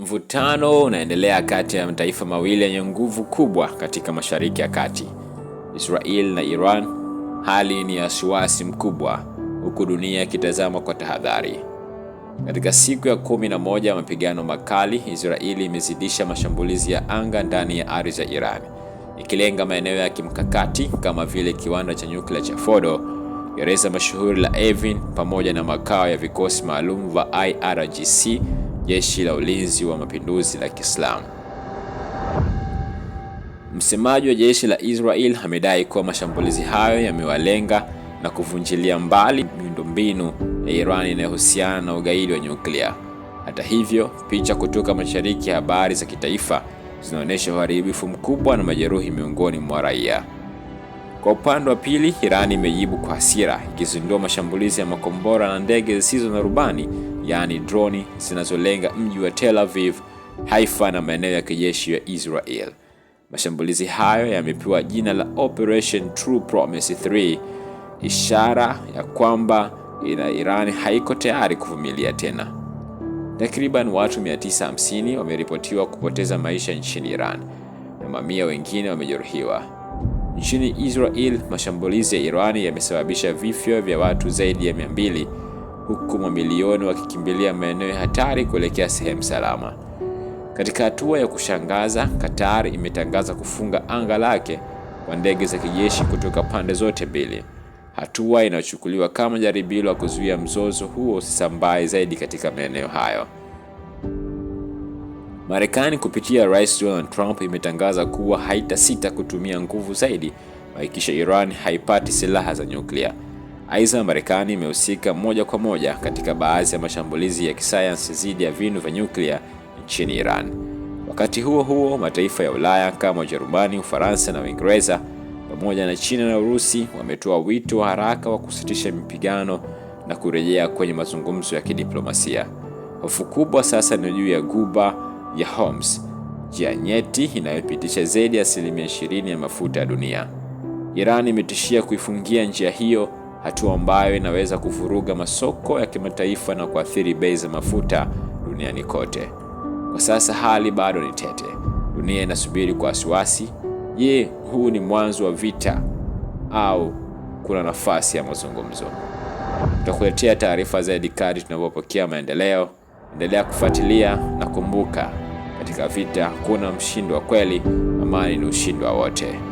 Mvutano unaendelea kati ya mataifa mawili yenye nguvu kubwa katika Mashariki ya Kati, Israel na Iran. Hali ni ya wasiwasi mkubwa, huku dunia ikitazama kwa tahadhari. Katika siku ya kumi na moja ya mapigano makali, Israeli imezidisha mashambulizi ya anga ndani ya ardhi ya Iran, ikilenga maeneo ya kimkakati kama vile kiwanda cha nyuklia cha Fordo, gereza mashuhuri la Evin, pamoja na makao ya vikosi maalum vya IRGC jeshi la ulinzi wa mapinduzi la Kiislamu. Msemaji wa jeshi la Israel amedai kuwa mashambulizi hayo yamewalenga na kuvunjilia mbali miundombinu ya Iran inayohusiana na ugaidi wa nyuklia. Hata hivyo, picha kutoka mashariki ya habari za kitaifa zinaonyesha uharibifu mkubwa na majeruhi miongoni mwa raia. Kwa upande wa pili, iran imejibu kwa hasira ikizindua mashambulizi ya makombora na ndege zisizo na rubani yaani droni zinazolenga mji wa Tel Aviv, Haifa na maeneo ya kijeshi ya Israel. Mashambulizi hayo yamepewa jina la Operation True Promise 3, ishara ya kwamba ina Iran haiko tayari kuvumilia tena. Takriban watu 950 wameripotiwa kupoteza maisha nchini Iran na mamia wengine wamejeruhiwa. Nchini Israel, mashambulizi ya Irani yamesababisha vifo vya watu zaidi ya 200 huku mamilioni wakikimbilia maeneo ya hatari kuelekea sehemu salama. Katika hatua ya kushangaza, Qatar imetangaza kufunga anga lake kwa ndege za kijeshi kutoka pande zote mbili, hatua inayochukuliwa kama jaribio la kuzuia mzozo huo usisambae zaidi katika maeneo hayo. Marekani kupitia Rais Donald Trump imetangaza kuwa haitasita kutumia nguvu zaidi kuhakikisha Iran haipati silaha za nyuklia. Aidha, Marekani imehusika moja kwa moja katika baadhi ya mashambulizi ya kisayansi dhidi ya vinu vya nyuklia nchini Iran. Wakati huo huo, mataifa ya Ulaya kama Ujerumani, Ufaransa na Uingereza pamoja na China na Urusi wametoa wito wa haraka wa kusitisha mapigano na kurejea kwenye mazungumzo ya kidiplomasia. Hofu kubwa sasa ni juu ya guba ya Hormuz, njia nyeti inayopitisha zaidi ya asilimia 20 ya mafuta ya dunia. Iran imetishia kuifungia njia hiyo hatua ambayo inaweza kuvuruga masoko ya kimataifa na kuathiri bei za mafuta duniani kote. Kwa sasa hali bado ni tete, dunia inasubiri kwa wasiwasi. Je, huu ni mwanzo wa vita au kuna nafasi ya mazungumzo? Tutakuletea taarifa zaidi kadri tunavyopokea maendeleo. Endelea kufuatilia na kumbuka, katika vita kuna mshindi wa kweli, amani ni ushindi wa wote.